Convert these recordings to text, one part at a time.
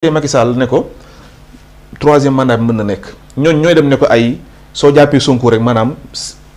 Macky Sall ne ko troisième mandat mën na nekk ñooñ ñooy dem ne ko ay soo jàppee Sonko rek maanaam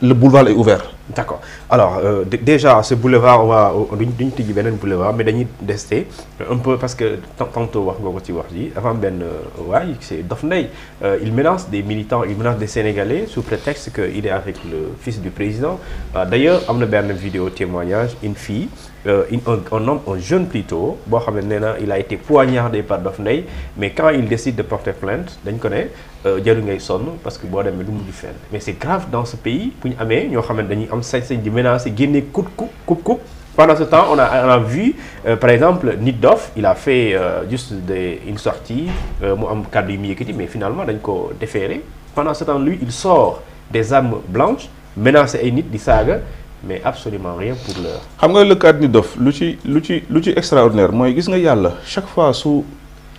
le boulevard est ouvert. d'accord alors euh, déjà ce boulevard waa duñ duñ tijji beneen boulevard mais dañuy dester un peu parce que tantôt wax nga ko ci wax ji am benn euh, waay c'est Dof Ndeye euh, il menace des militants il menace des Sénégalais sous prétexte que il est avec le fils du président euh, d'ailleurs am na benn vidéo témoignage une fii euh, un, un homme jeune plutôt boo xam ne na il a été poignardé par Dof Ndeye mais quand il décide de porter plainte dañ ko ne euh, jaru ngay sonn parce que boo demee du mujj fenn mais c'est grave dans ce pays bu ñu amee ñoo xam ne dañuy am sañ-sañ di menacer génnee coup coup coup coup pendant ce temps on a on a vu euh, par exemple nit dof il a fait euh, juste des une sortie euh, mu am kàddu yu mu yëkkati mais finalement dañ ko déféré pendant ce temps lui il sort des armes blanches menacé ay nit di saaga mais absolument rien pour l'heure xam nga lëkkaat ni dof lu ci lu ci lu ci extraordinaire mooy gis nga yàlla chaque fois su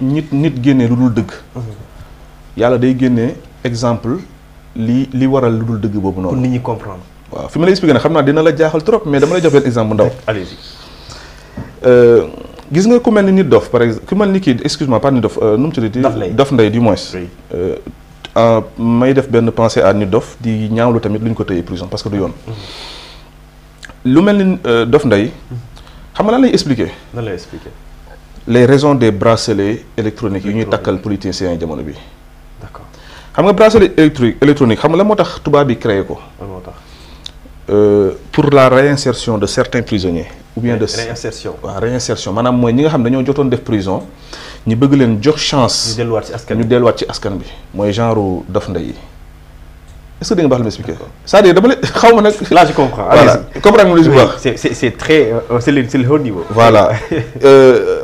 nit nit génnee lu dul dëgg yàlla day génnee exemple li li waral lu dul dëgg boobu noonu. pour nit ñi comprendre. waaw fi ma lay expliqué xam naa dina la jaaxal trop mais dama lay exemple bu ndaw. allez euh, gis nga ku mel ni nit dof par exemple ku mel ni kii excuse-moi pas nit dof euh, nu mu tuddati. dof ndey di mois may def benn pensée à nit dof di ñaawlu tamit lu ñu ko tëyee prison parce que du yoon. Mm-hmm. lu mel ni euh, Dof Ndeye xam nga lan lay expliquer. lan lay expliquer. les raisons des bracelets électroniques yu ñuy takkal politiciens yi jamono bi. xam nga bracelet électrique électronique xam nga la moo tax tubaab bi créé ko. moo tax. Euh, pour la réinsertion de certains prisonniers. ou bien de réinsertion waaw réinsertion maanaam mooy ñi nga xam ne dañoo jotoon def prison ñu bëgg leen jox chance. ñu delluwaat ci askan bi ñu delluwaat ci askan bi mooy genre Dof Ndeye yi. est-ce que dégg baax la ma expliqué cest dire dama la xaw ma nag. là je comprends. voilà comprendre lu c'est c'est très euh, c'est le c'est niveau. voilà euh,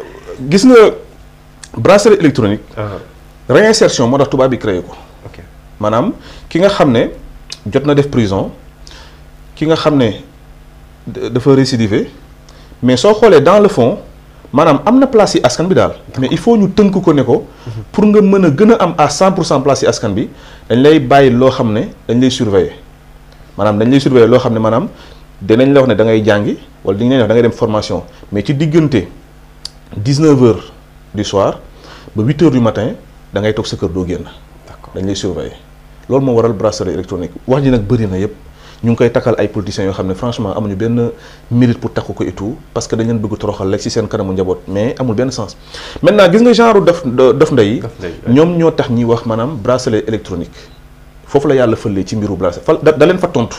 gis nga bracelet électronique. Ah. réinsertion moo tax tubaab bi créé ko. maanaam ki nga xam ne jot na def prison ki nga xam ne dafa récidiver mais soo xoolee dans le fond. maanaam am na place yi askan bi daal mais il faut ñu tënk ko ne ko pour nga mën a gën a am à 100 pour cent place yi askan bi dañ lay bàyyi loo xam ne dañ lay surveiller maanaam dañ lay surveiller loo xam ne maanaam dinañ la wax ne da ngay jàngi wala di lay wax da ngay dem formation mais ci diggante 19 heures du soir ba 8 heures du matin da ngay toog sa kër doo génn dañ lay surveiller loolu moo waral bracelet électronique wax ji nag bëri na yëpp ñu ngi koy takkal ay politiciens yoo xam ne franchement amuñu benn mérite pour takku ko et tout parce que dañ leen bëgg toroxal rek ci seen kanamu njaboot mais amul benn sens maintenant gis nga genre def def ndey ñoom ñoo tax ñuy wax maanaam bracelet électronique foofu la yàlla fëlee ci mbiru bracelet fa da leen fa tontu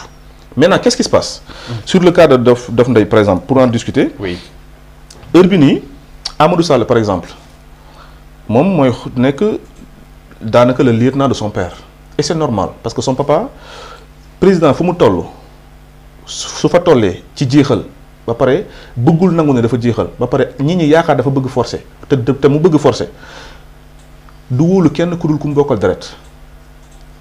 maintenant qu'est-ce qui se passe mm-hmm. sur le cas de Dof Dof par exemple pour en discuter oui heure bi nii Amadou Sall par exemple moom mooy nekk daanaka le lieutenant de son père et président fu mu toll su fa tollee ci jeexal ba pare bëggul nangu ne dafa jeexal ba pare ñi ñi yaakaar dafa bëgg forcé te te mu bëgg forcé du wóolu kenn ku dul ku mu bokkal deret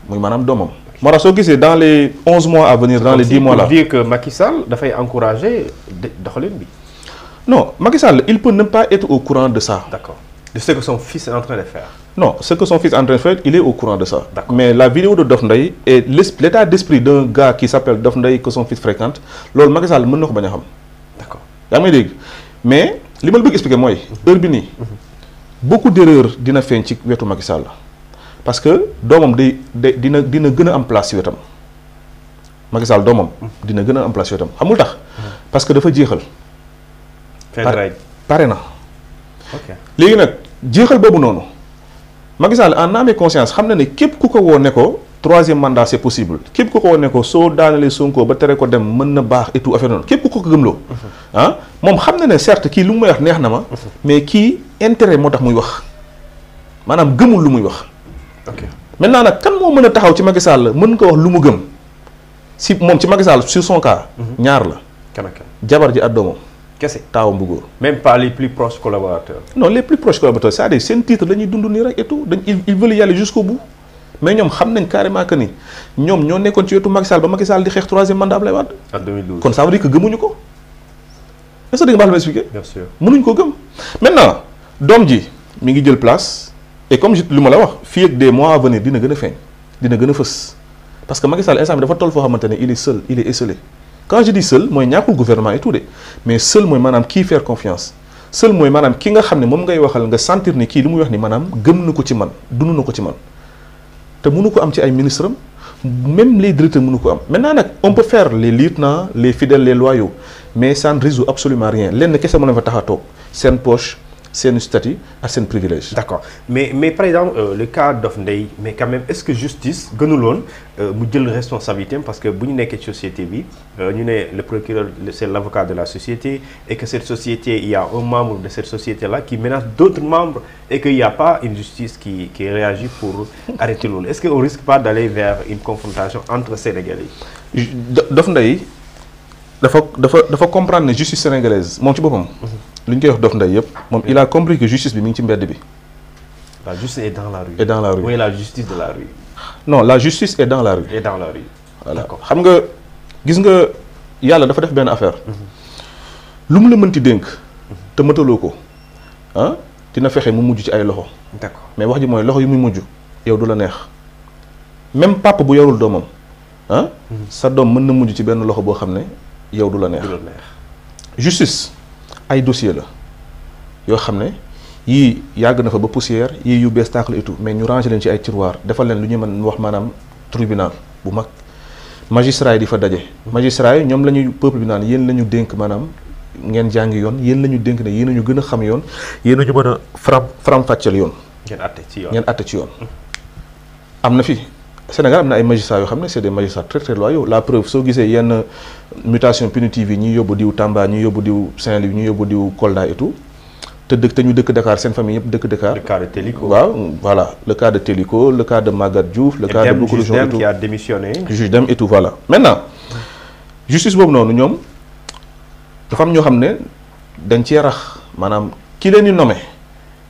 muy maanaam doomam. moo tax soo gisee dans les onze mois à venir dans les dix mois la dire que Macky dafay encourager doxalin bi. non Macky Sall il peut même pas au courant de ça. d'accord. de ce que son fils est en train de faire. Non, ce que son fils est en train de faire, il est au courant de ça. Mais la vidéo de Dof Ndaye et l'état d'esprit d'un gars qui s'appelle Dof Ndaye que son fils fréquente, lol Macky Sall mëna ko baña xam. D'accord. may dégg. Mais li ma bëgg expliquer moy mhm. heure bi ni mhm. beaucoup d'erreurs dina feñ ci wétu Macky Sall parce que doomam day dina dina a am place wétam. Macky Sall domam mhm. dina gëna am place wétam. Xamul tax parce que dafa jéxal. Paré na. ok léegi nag jeexal boobu noonu Macky Sall en naa et conscience xam na ne képp ku ko woo ne ko troisième mandat c'est possible képp ku ko woo ne ko soo daanalee Sonko ba tere ko dem mën na baax et tout noonu képp ku ko gëmloo. Mhm. ah moom xam na ne certes kii lu mu may wax neex na ma. Mhm. mais kii intérêt moo tax muy wax maanaam gëmul lu muy wax. ok maintenant nag kan moo mën a taxaw ci Macky la mën ko wax lu mu gëm si moom ci Macky Sall sur son mhm. ñaar la. jabar ji ak kese taawam bu góor. même plus proches collaborateurs. non les plus proches collaborateurs cest à seen titre la ñuy dund nii rek et tout dañ ils veulent y mais ñoom xam nañ carrément que ni ñoom ñoo nekkoon ci wetu Macky Sall ba Macky Sall di xeex troisième mandat Abdoulaye Wade. ak 2012 kon ça veut dire que gëmuñu ko expliquer. mënuñ ko gëm. maintenant doom ji mi ngi jël place et comme lu ma la wax fii ak des mois à venir dina gën a feeñ dina gën a fës parce que Macky Sall instant bi dafa xamante ne il est quand je dis seul mooy ñàkkul gouvernement et tout de mais seul mooy maanaam kii faire confiance seul mooy maanaam ki nga xam ne moom ngay waxal nga sentir ne kii li muy wax ni maanaam gëm na ko ci man dund na ko ci man te mënu ko am ci ay ministre am même les directeurs mënu ko am maintenant nag on peut faire liit lieutenants les fidèles les loyaux mais ça ne résout absolument rien lenn kese mën na fa tax a toog seen poche seen statut ak seen privilège. d'accord mais mais par exemple euh, le cas Dof Ndeye mais quand même est-ce que justice gënuloon euh, mu jël responsabilité parce que bu ñu nekkee ci société bi euh, ñu ne le procureur c'est l'avocat de la société et que cette société il y a un membre de cette société là qui menace d'autres membres et qu'il n'y a pas une justice qui réagit pour arrêter loolu est-ce que on risque pas d'aller vers une confrontation entre Sénégalais yi. Dof Ndeye dafa dafa dafa comprendre ne justice sénégalaise moom lu ñu koy wax dof nday yëpp moom il a compris que justice bi mi ngi ci mbedd bi. la justice est dans la rue. la rue oui la justice de la rue. la justice est dans la rue. xam nga gis nga yàlla dafa def benn affaire. Mhm. lu mu la mënti dénk. te mataloo ko ah dina fexe mu mujj ci ay loxo. d'accord mais wax ji mooy loxo yi muy mujj yow du la neex même papa bu yorul doomam ah. Mhm. sa doom mën na mujj ci benn loxo boo xam ne yow du la neex. justice. ay dossier la yoo xam ne yii yàgg na fa ba poussière yii yu bees tàqal et tout mais ñu ranger leen ci ay tiroir defal leen lu ñuy mën wax maanaam tribunal bu mag magistrat di fa daje. magistrat ñoom la ñuy peuple bi naan yéen la ñu dénk maanaam ngeen jàngi yoon yéen la ñu dénk ne yéen a ñu gën a xam yoon yéen a ñu mën a faram faram fàcceel yoon. ngeen àtte ci yoon ngeen àtte ci yoon. am na fi Sénégal am na ay magistrats yoo xam ne c'est des magistrats très très loyaux la preuve soo gisee yenn mutation punitive yi ñu yóbbu diw Tamba ñuy yóbbu diw Saint-Louis ñu yóbbu diw Kolda et te dëkk te ñu dëkk Dakar seen famille yëpp dëkk Dakar. le cas de Télico waaw voilà le cas de Télico le cas de Magatte Diouf. le cas de beaucoup de gens et tout qui a démissionné. juge Dème et tout voilà maintenant justice boobu noonu ñoom dafa ñoo xam ne dañ cee rax maanaam ki leen di nommé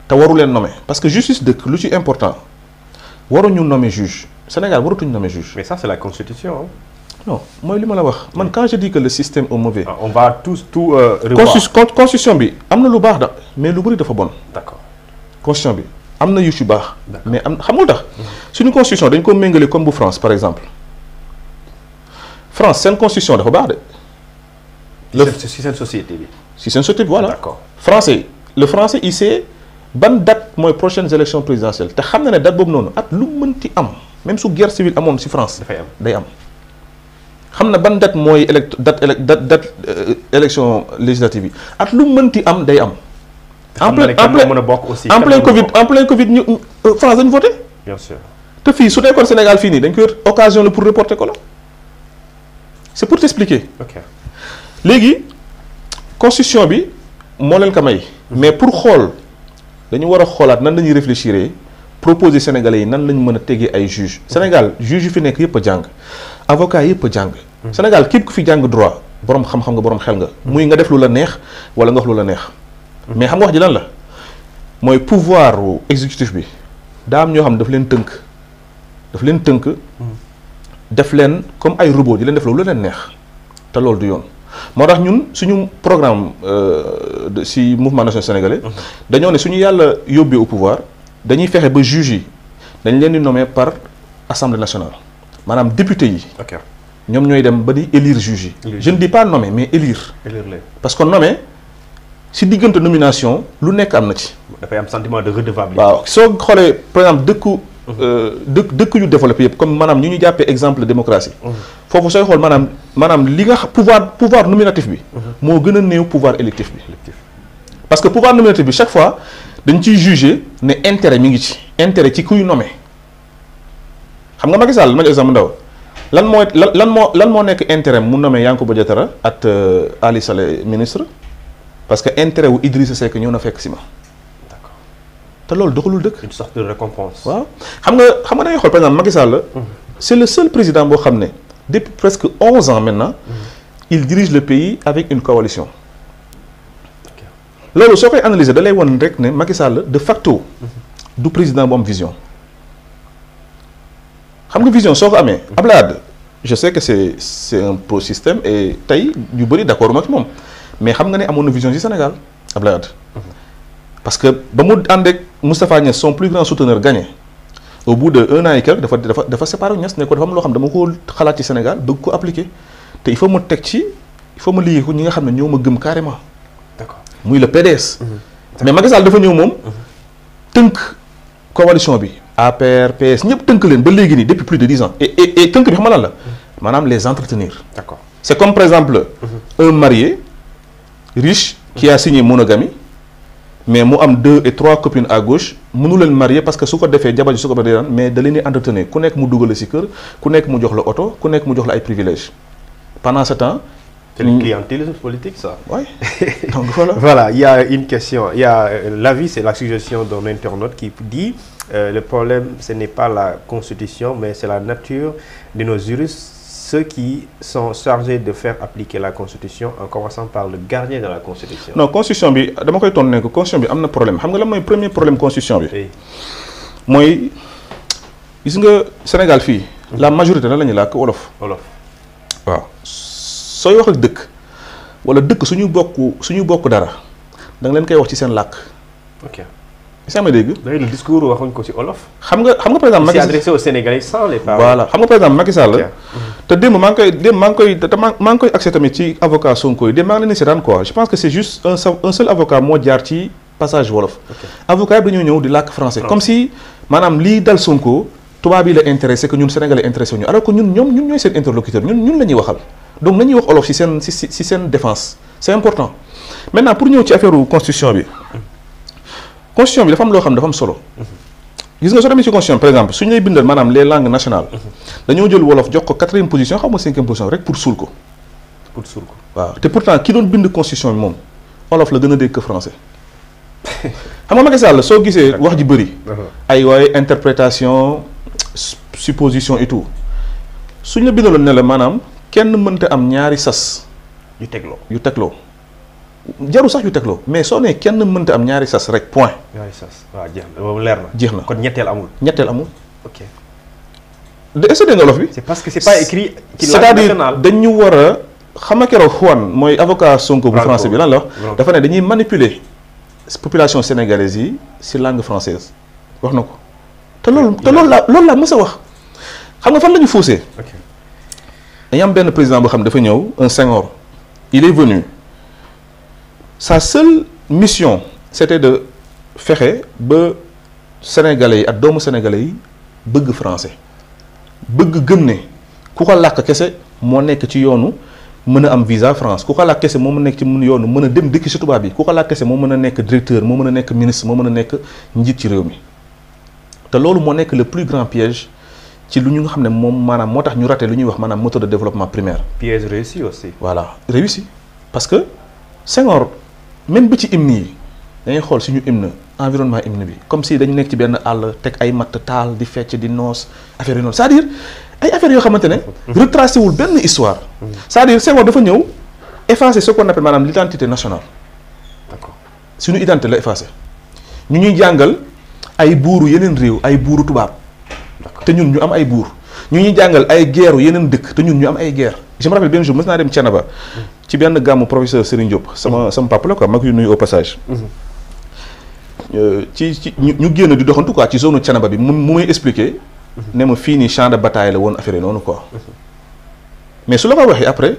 te waru leen nommé parce que justice dëkk lu ci important waruñu nommé juge. Sénégal waratuñu nommer juge. mais c'est la constitution hein? mooy li ma la wax man quand je dis que le système est mauvais. Ah, on va tous tout euh, constitution bi am na lu baax da mais lu bëri dafa bon. d'accord constitution bi am na yu ci baax. mais am xam nga tax. Mhm. suñu constitution dañ ko méngale comme bu France par exemple France seen constitution dafa baax de. le si seen société bi. si seen société bi voilà. d'accord français le français il sait ban date mooy prochaines élections présidentielles te xam na ne date boobu noonu at lu mënti am. même su guerre civile amoon ci France. dafay am day am. xam na ban date mooy élect date élec date date euh, élection législative yi at lu mënti am day am. en plein mën a bokk aussi. en plein Covid en plein Covid ñu euh, France dañu voté. te fii su nekkoon Sénégal fii nii dañ koy occasion la pour reporter ko la c' est pour t' expliquer. ok léegi constitution bi moo leen ko may. Mhm. mais pour xool dañu war a xoolaat nan la ñuy réfléchir. proposer sénégale yi nan lañ mën a tegee ay juge Sénégal juge yu fi nekk yëpp a jàng avocat yëpp a jàng. Hmm. Sénégal képp ku fi jàng droit boroom xam-xam nga boroom xel nga. Hmm. muy nga def lu la neex wala nga wax lu la neex. Hmm. mais xam nga wax ji lan la mooy pouvoir exécutif bi daa am ñoo xam ne daf leen tënk daf leen tënk. def leen comme ay robot di leen def lu leen neex te loolu du yoon. moo tax ñun suñu programme euh, si mouvement national sénégalais. dañoo ne suñu yàlla yóbbee au dañuy fexe ba juge yi dañ leen di nommer par assemblée nationale maanaam député yi. ñoom ñooy dem ba di élire juge yi. je ne par pas nommer mais élire. parce que nommer si diggante nomination lu nekk am na ci. dafay am sentiment de redevabilité. waaw soo xoolee par exemple dëkku. Mhm. Euh, dëkk dëkk yu développé yëpp comme maanaam ñu ñu jàppee exemple démocratie. Mhm. foofu sooy xool maanaam maanaam li nga pouvoir pouvoir nominatif bi. Mhm. moo gën a néew pouvoir électif bi. parce que pouvoir nominatif bi chaque fois. dañ ciy jugé ne intérêt mi ngi ci intérêt ci kuy nommé xam nga Macky Sall ma jox ndaw lan mooy lan lan moo lan moo nekk intérêt mu nommé Yankhoba Diattara ak euh, Ali Saleh ministre parce que intérêt wu Idrissa Seck ñëw na fekk si ma. te loolu doxalul dëkk. une sorte de xam nga xam nga da ngay xool par exemple Macky Sall. Mm-hmm. c'est le seul président boo xam ne depuis presque onze ans maintenant. Mm-hmm. il dirige le pays avec une coalition. loolu soo koy analyser da lay won rek ne Macky Sall de facto du président bu am vision xam nga vision soo ko amee. Abdoulaye Wade je sais que c'est c'est un pro système et tey ñu bëri d'accord ma ci moom mais xam nga ne amoon na vision ci Sénégal Abdoulaye Wade parce que ba mu àndeek ak Moustapha Niass son plus grand souteneur gagné au bout de un an et quelque dafa dafa dafa séparé Niass ne ko dafa am loo xam dama ko xalaat ci Sénégal bëgg ko appliquer te il faut ma teg ci il faut ma ko ñi nga xam ne ñoo ma gëm carrément. muy le PDS. mais Macky dafa ñëw moom tënk coalition bi APR PS ñëpp tënk leen ba léegi nii depuis plus de dix ans et et et tënk bi xam nga la maanaam les entretenir. d'accord c'est comme par exemple. Mhm. un marié riche. qui a signé monogamie mais mu am deux et trois copines à gauche mënu leen marier parce que su ko defee jabar ji su ko ba daan mais da leen entretenir ku nekk mu dugal la ci kër ku nekk mu jox la oto ku nekk mu jox la ay privilèges pendant ce temps. C'est une mm. clientélisme politique, ça. Oui. Donc voilà. voilà, il y a une question. Il y euh, l'avis, c'est la suggestion d'un internaute qui dit euh, le problème, ce n'est pas la constitution, mais c'est la nature de nos juristes, ceux qui sont chargés de faire appliquer la constitution en commençant par le gardien de la constitution. Non, constitution bi dama koy tontu ne ko constitution bi am na problème xam nga lan mooy premier problème constitution bi. oui mooy gis nga Sénégal fii. la majorité lan la ñuy làkk sooy wax ak dëkk wala dëkk suñu bokk suñu bokk dara da leen koy wax ci seen làkk. ok gis nga ma dégg. léegi ko ci olof. xam nga xam nga par exemple. Macky Sall adressé aux Sénégalais sans les paroles. voilà xam nga par exemple Macky Sall. te démb maa ngi koy démb maa ngi koy te maa tamit ci avocat Sonko yi démb maa ngi leen di seetaan quoi je pense que c'est juste un un seul avocat moo jaar ci passage wolof. avocat bi dañoo ñëw di làkk français. comme si maanaam lii dal Sonko. tubaab yi la intéressé que ñun sénégalais intéressé ñu alors que ñun ñoom ñun ñooy seen interlocuteur ñun ñun la waxal donc nañuy wax olof ci seen ci ci seen défense c'est important maintenant pour ñëw ci affaire constitution bi constitution bi dafa am loo xam dafa am solo gis nga soo demee ci constitution par exemple suñu lay bindal maanaam les langues nationales dañoo jël wolof jox ko quatrième position xaw ma cinquième position rek pour suul ko waaw te pourtant ki doon bind constitution moom wolof la gën a dégg que français xam nga Macky soo gisee wax ji bëri uh-huh. ay waaye interprétation supposition et tout suñ la bindaloon ne la maanaam kenn mënta am ñaari sas. yu tegloo yu tegloo jaru sax yu tegloo mais soo nee kenn mënta am ñaari sas rek point. ñaari sas waaw na leer na. jeex na kon ñetteel amul. ñetteel amul. ok de est-ce nga olof bi. c'est parce que c'est pas écrit. ci c'est-à-dire dañu war a xama keroog Juan mooy avocat Sonko bu français bi lan la wax. dafa ne dañuy manipuler population sénégalaise yi si langue française wax na ko. te loolu te loolu laa loolu laa mës a wax xam nga fan la ñu faussé. dañu am benn président boo xam dafa ñëw un Senghor il est venu sa seule mission c'était de fexe ba sénégalais yi ak doomu sénégalais yi bëgg français bëgg gëm ne ku ko làkk kese moo nekk ci a a nekk ci mun yoonu mën a dem dëkk ci tubaab bi ku ko làkk kese moo mën a nekk directeur moo mën a nekk ministre moo mën a nekk njiit ci réew mi. te loolu moo nekk le plus grand piège ci lu ñu nga xam ne moom maanaam moo tax ñu raté lu ñuy wax maanaam moto de développement primaire. piège réussi aussi. voilà réussi parce que Senghor même bi ci hymne yi dañuy xool suñu hymne environnement hymne bi comme si dañu nekk ci benn àll teg ay matt taal di fecc di noos affaire yu noonu cest à ay affaires yoo xamante ne. retracé wul benn histoire. c'est-à-dire dafa ñëw effacer ce qu'on appelle maanaam l'identité nationale. suñu identité la effacé ñu ñuy jàngal. ay buuru yeneen réew ay buuru tubaab te ñun ñu am ay buur ñu ñu jàngal ay guerre yeneen dëkk te ñun ñu am ay guerre je me rappelle benn jour mës naa dem Thiénaba mm. ci benn gàmmu professeur Serigne Diop sama mm. sama papa la quoi ma koy nuyu au mm-hmm. euh, ci ci ñu génn di doxantu quoi ci zone Thiénaba bi mu mu may expliquer mm-hmm. ne ma fii nii champ de bataille la woon affaire yi noonu quoi mm-hmm. mais su la ma waxee après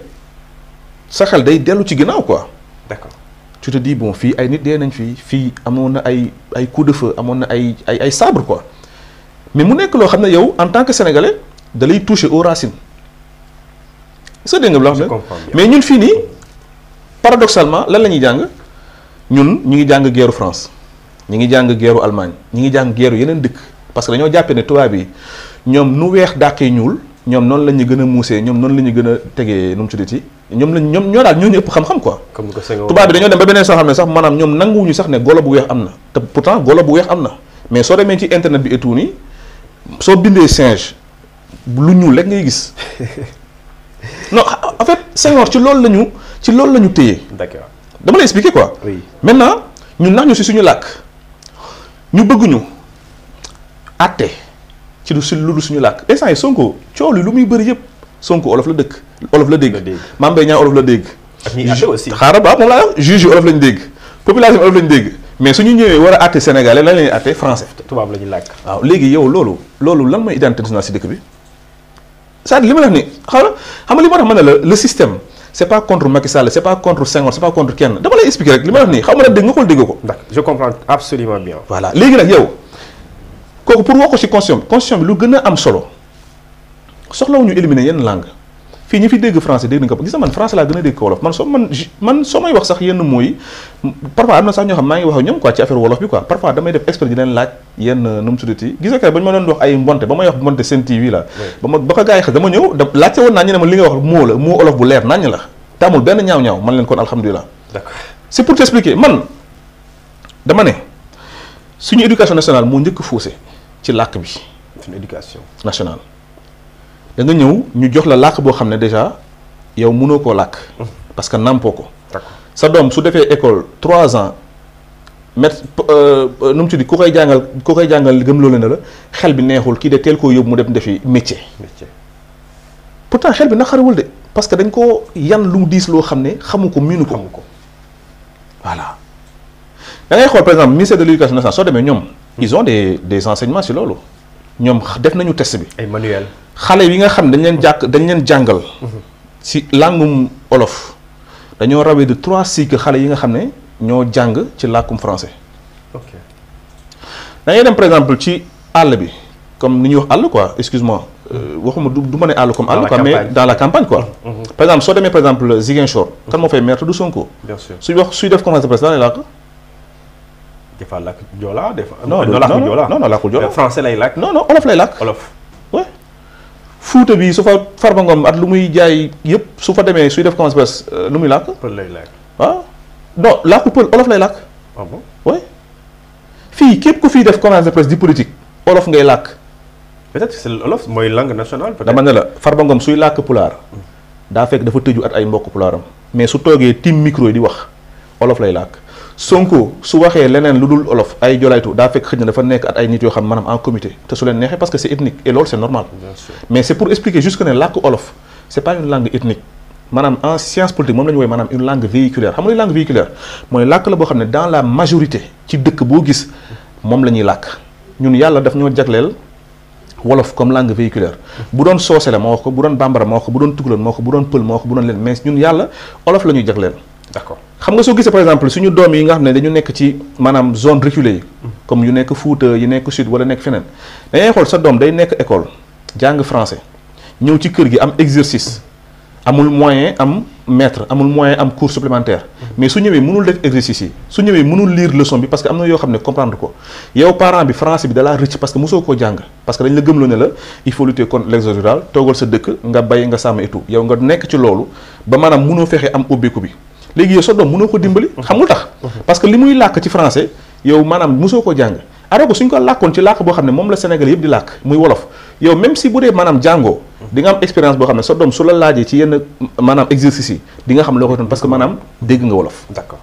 sa xel day dellu ci ginnaaw quoi tu te bon fii ay nit dee nañ fii fii amoon na ay ay coup de feu amoon na ay ay ay sabre quoi mais mu nekk loo xam ne yow en tant que sénégalais da lay toucher aux racines. sa dégg nga xam ne mais ñun fii nii paradoxalement lan la ñuy jàng ñun ñu ngi jàng geeru France ñu ngi jàng geeru Allemagne ñu ngi jàng guerre yeneen dëkk parce que dañoo jàppee ne tubaab yi ñoom nu weex dàqee ñuul ñoom noonu la ñu gën a muusee ñoom noonu la ñu gën a tegee nu mu ñoom lañ ñoom ñoo daal ñoo ñu ëpp xam-xam ko tubaab bi dañoo dem ba beneen soo xam ne sax maanaam ñoom nanguwuñu sax ne golo bu weex am na te pourtant golo bu weex am na mais soo demee ci internet bi et soo bindee singe lu ñuul rek ngay gis non en fait Senghor ci loolu la ñu ci loolu la ñu téye. d'accord dama lay expliquer quoi. Oui. maintenant ñu nax ñu si suñu làkk ñu bëgg ñu àtte ci lu si lu suñu làkk instant yi Sonko coow li lu muy bëri yëpp Sonko olof la dëkk olof la dégg Mame Mbaye Niang olof la dégg xaaral ba moom laa wax juge olof lañ dégg population bi olof mais suñu ñëwee war a àtte sénégalais lan lañuy àtte français làkk waaw léegi yow loolu loolu lan mooy identité nationale si dëkk bi cest à li ma la wax ni xaw xam nga li ma tax ma ne la le système c'est pas contre Macky c'est pas contre Senghor c'est pas contre kenn dama lay expliquer rek li ma la wax nii xaw ma la nga ko dégg ko je léegi nag yow kooku pour wax ko si constitution lu gën a am solo soxlawuñu éliminer yenn langue fii ñi fi dégg français dégg nañ ko gis na man français laa gën a dégg ko wolof man soo man man soo may wax sax yenn mooy parfois am na sax ñoo xam maa ngi wax ak ñoom quoi ci bi quoi parfois damay ma doon wax ay mbonte ba may wax mbonte seen TV la ba ma ba ko gars yi naa ñu ne ma li nga wax moo olof bu leer nañ la te benn ñaaw-ñaaw man leen kon alhamdulilah c'est pour t'expliquer man dama ne suñu éducation nationale moo njëkk foose ci làkk bi suñu éducation nationale da nga ñëw ñu jox la làkk boo xam ne déjà yow munoo koo làkk. Mm-hmm. parce que nampoo ko. sa doom su defee école trois ans met euh, nu mu di ku koy jàngal ku koy jàngal gëm loolu ne la xel bi neexul kii de teel koo yóbbu mu dem defi métier. pourtant xel bi naqariwul de parce que dañ ko yan lu diis loo xam ne xamu ko miinu ko. ko voilà da ngay xool par exemple ministère de l'éducation nationale soo demee ñoom. Mm-hmm. ils ont des des enseignements si loolu. ñoom def nañu test bi. ay manuel xale yi nga xam dañ leen jàkk dañ leen jàngal. ci làngum olof dañoo rawee de trois cycles xale yi nga xam ne ñoo jàng ci làkkum français. ok da ngay dem par exemple ci àll bi comme ni ñuy wax àll quoi euh, waxuma du ma ne àll comme àll quoi mais dans la campagne quoi. Mhm. par exemple soo demee par exemple Ziguinchor. kan moo fay maire du Sonko. bien wax suy def conférence de presse laa dafa làkk Joola des fois. non non non non làkkul Joola français lay làkk. non non olof lay làkk. olof oui. Fuuta bi su fa Farba Ngom at lu muy jaay yëpp su fa demee suy def conférence euh, lu muy làkk. pël lay làkk waaw. Ah. non làkkul pël olof lay làkk. ah bon oui. fii képp ku fiy def conférence de presse di politique olof ngay làkk. peut-être c'est olof mooy langue nationale. dama ne la Farba Ngom suy làkk pulaar. daa fekk dafa tëju at ay mbokk pulaaram. mais su toogee tim micro yi di wax olof lay làkk. Sonko su waxee leneen lu dul olof ay jolaytu daa fekk xëy na dafa nekk at ay nit yoo xam maanaam en comité te su leen neexee parce que c'est ethnique et loolu c'est normal mais c'est pour expliquer juste que ne làkk olof c'est pas une langue ethnique maanaam en science politique moom la ñu woowee une langue véhiculaire xam nga langue véhiculaire mooy làkk la boo xam ne dans moom la ñuy làkk ñun yàlla daf ñoo jagleel wolof comme langue véhiculaire bu doon soose la moo wax ko bu doon bambara moo wax ko bu doon tukulan moo wax ko bu doon pël moo wax ko xam nga soo gisee par exemple suñu doom yi nga xam ne dañu nekk ci maanaam zone reculée yi comme yu nekk Fuuta yu nekk sud wala nekk feneen dañuy xool sa doom day nekk école jàng français ñëw ci kër gi am exercice amul moyen am maître amul moyen am cours supplémentaire mais su ñëwee mënul def exercice yi su ñëwee mënul lire leçon bi parce que am na yoo xam ne comprendre ko yow parent bi français bi dalaa rëcc parce que mosoo koo jàng parce que dañ la gëmloo ne la il faut lutter contre l'exode rural toogal sa nga bay nga sàmm et tout yow nga nekk ci loolu maanaam mënoo fexe am ubbeeku bi léegi yow sa doom mënoo ko dimbali xamul tax parce que li muy làkk ci français yow maanaam mosoo ko jàng alors que suñ ko làkkoon ci làkk boo xam ne moom la Sénégal yëpp di làkk muy wolof yow même si bu dee maanaam jàngoo di nga am expérience boo xam ne sa doom su la laajee ci yenn maanaam exercice yi di nga xam loo koy doon parce que maanaam nga wolof d'accord